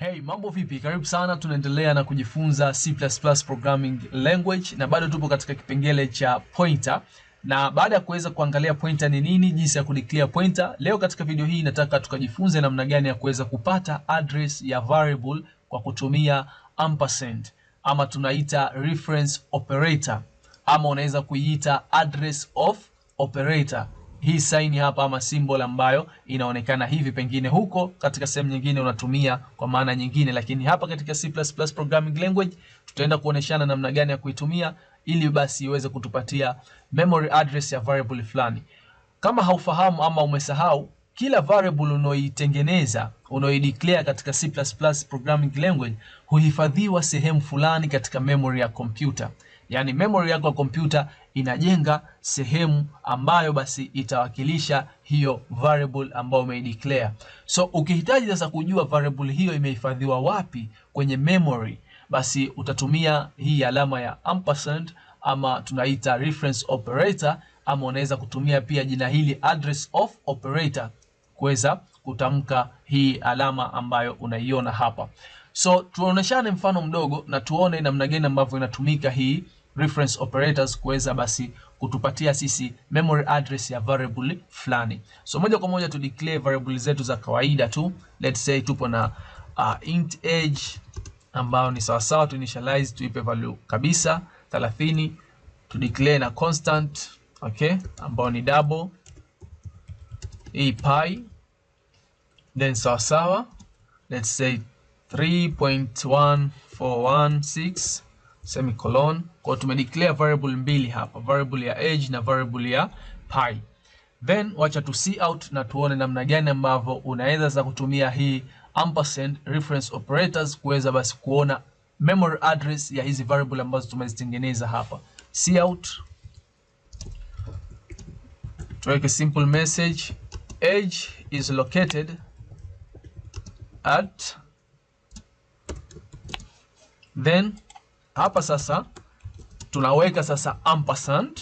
Hey, mambo vipi? Karibu sana, tunaendelea na kujifunza C++ programming language na bado tupo katika kipengele cha pointer. Na baada ya kuweza kuangalia pointer ni nini, jinsi ya kudeclare pointer, leo katika video hii nataka tukajifunze namna gani ya kuweza kupata address ya variable kwa kutumia ampersand ama tunaita reference operator ama unaweza kuiita address of operator hii saini hapa ama symbol ambayo inaonekana hivi, pengine huko katika sehemu nyingine unatumia kwa maana nyingine, lakini hapa katika C++ programming language tutaenda kuoneshana namna gani ya kuitumia ili basi iweze kutupatia memory address ya variable fulani. Kama haufahamu ama umesahau, kila variable unaoitengeneza unaoideclare katika C++ programming language huhifadhiwa sehemu fulani katika memory ya kompyuta. Yaani memory yako ya kompyuta inajenga sehemu ambayo basi itawakilisha hiyo variable ambayo umeideclare. So ukihitaji sasa kujua variable hiyo imehifadhiwa wapi kwenye memory, basi utatumia hii alama ya ampersand ama tunaita reference operator, ama unaweza kutumia pia jina hili address of operator kuweza kutamka hii alama ambayo unaiona hapa. So tuoneshane mfano mdogo na tuone namna gani ambavyo inatumika hii reference operators kuweza basi kutupatia sisi memory address ya variable fulani. So moja kwa moja tu declare variable zetu za kawaida tu, let's say tupo na uh, int age ambayo ni sawa sawa, tu initialize tuipe value kabisa 30, tu declare na constant okay, ambayo ni double hii pi, then sawa sawa, let's say 3.1416 semicolon. Kwa declare variable mbili hapa, variable ya age na variable ya pi. Then wacha tu see out na tuone namna gani ambavyo unaweza za kutumia hii ampersand reference operators kuweza basi kuona memory address ya hizi variable ambazo tumezitengeneza hapa. See out tuweke simple message age is located at then hapa sasa tunaweka sasa ampersand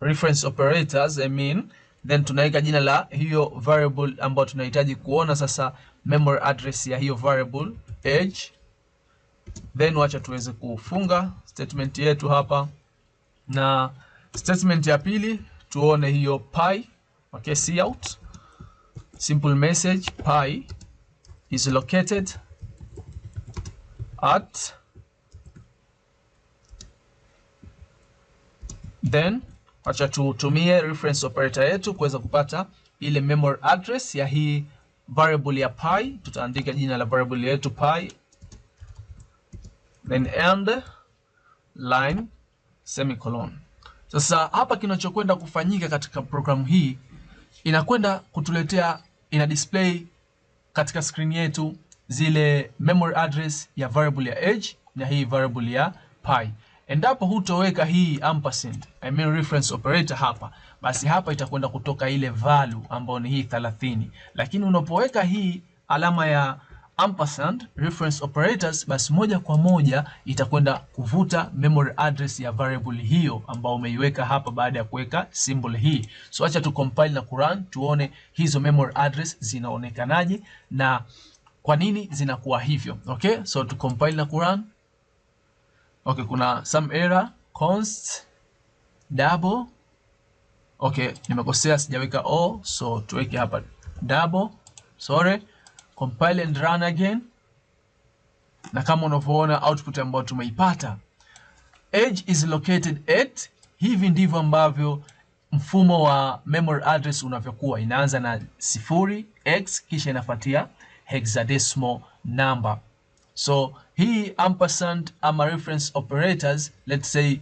reference operators I mean, then tunaweka jina la hiyo variable ambayo tunahitaji kuona sasa memory address ya hiyo variable age. Then wacha tuweze kufunga statement yetu hapa, na statement ya pili tuone hiyo pi. Okay, see out simple message pi is located at then acha tutumie reference operator yetu kuweza kupata ile memory address ya hii variable ya pi. Tutaandika jina la variable yetu pi, then end line semicolon. Sasa hapa kinachokwenda kufanyika katika programu hii inakwenda kutuletea, ina display katika screen yetu zile memory address ya variable ya age na hii variable ya pi. Endapo hutoweka hii ampersand, I mean reference operator hapa, basi hapa itakwenda kutoka ile value ambayo ni hii 30, lakini unapoweka hii alama ya ampersand reference operators, basi moja kwa moja itakwenda kuvuta memory address ya variable hiyo ambayo umeiweka hapa baada ya kuweka symbol hii. So acha tu compile na kurun tuone hizo memory address zinaonekanaje na kwa nini zinakuwa hivyo. Okay, so tu compile na kurun Okay, kuna some error const double. Okay, nimekosea sijaweka o, so tuweke hapa double, sorry, compile and run again, na kama unavyoona output ambayo tumeipata age is located at. Hivi ndivyo ambavyo mfumo wa memory address unavyokuwa, inaanza na sifuri x kisha inafuatia hexadecimal number. So hii ampersand ama reference operators, let's say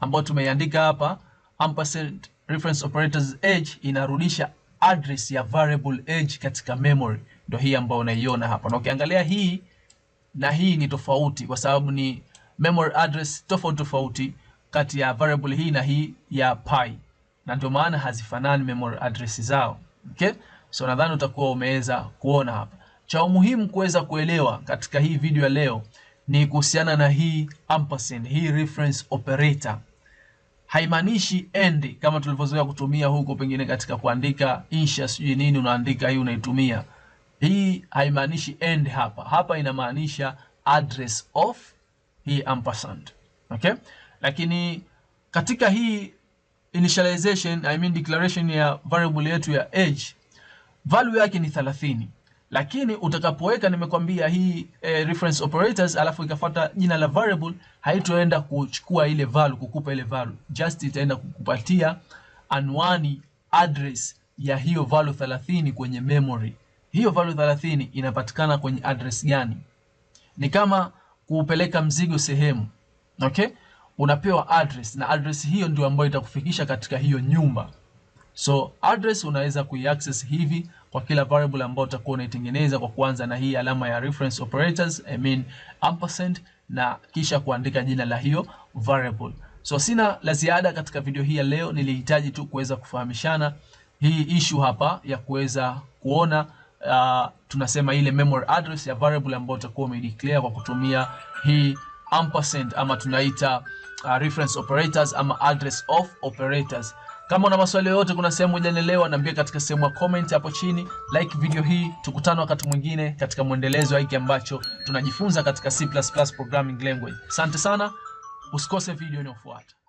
ambayo tumeiandika hapa ampersand reference operators age inarudisha address ya variable age katika memory, ndio hii ambayo unaiona hapa. Na ukiangalia hii na hii ni tofauti, kwa sababu ni memory address tofauti tofauti kati ya variable hii na hii ya pi, na ndio maana hazifanani memory address zao. Okay, so nadhani utakuwa umeweza kuona hapa. Cha umuhimu kuweza kuelewa katika hii video ya leo ni kuhusiana na hii ampersand, hii reference operator. Haimaanishi and kama tulivyozoea kutumia huko pengine katika kuandika insha sijui nini, unaandika hii unaitumia hii. Haimaanishi and hapa, hapa inamaanisha address of hii ampersand. Okay, lakini katika hii initialization, I mean declaration ya variable yetu ya age value yake ni 30 lakini utakapoweka nimekwambia hii eh, reference operators alafu ikafuata jina la variable, haitoenda kuchukua ile value kukupa ile value, just itaenda kukupatia anwani address ya hiyo value 30 kwenye memory. Hiyo value 30 inapatikana kwenye address gani? Ni kama kupeleka mzigo sehemu, okay? Unapewa address na address hiyo ndio ambayo itakufikisha katika hiyo nyumba. So address unaweza kuiaccess hivi kwa kila variable ambayo utakuwa unaitengeneza kwa kuanza na hii alama ya reference operators, I mean ampersand, na kisha kuandika jina la hiyo variable. So sina la ziada katika video hii ya leo, nilihitaji tu kuweza kufahamishana hii issue hapa ya kuweza kuona uh, tunasema ile memory address ya variable ambayo utakuwa umedeclare kwa kutumia hii ampersand ama tunaita uh, reference operators ama address of operators. Kama una maswali yoyote, kuna sehemu hujanielewa, niambie katika sehemu ya comment hapo chini. Like video hii, tukutane wakati mwingine katika mwendelezo wa hiki ambacho tunajifunza katika C++ programming language. Asante sana, usikose video inayofuata.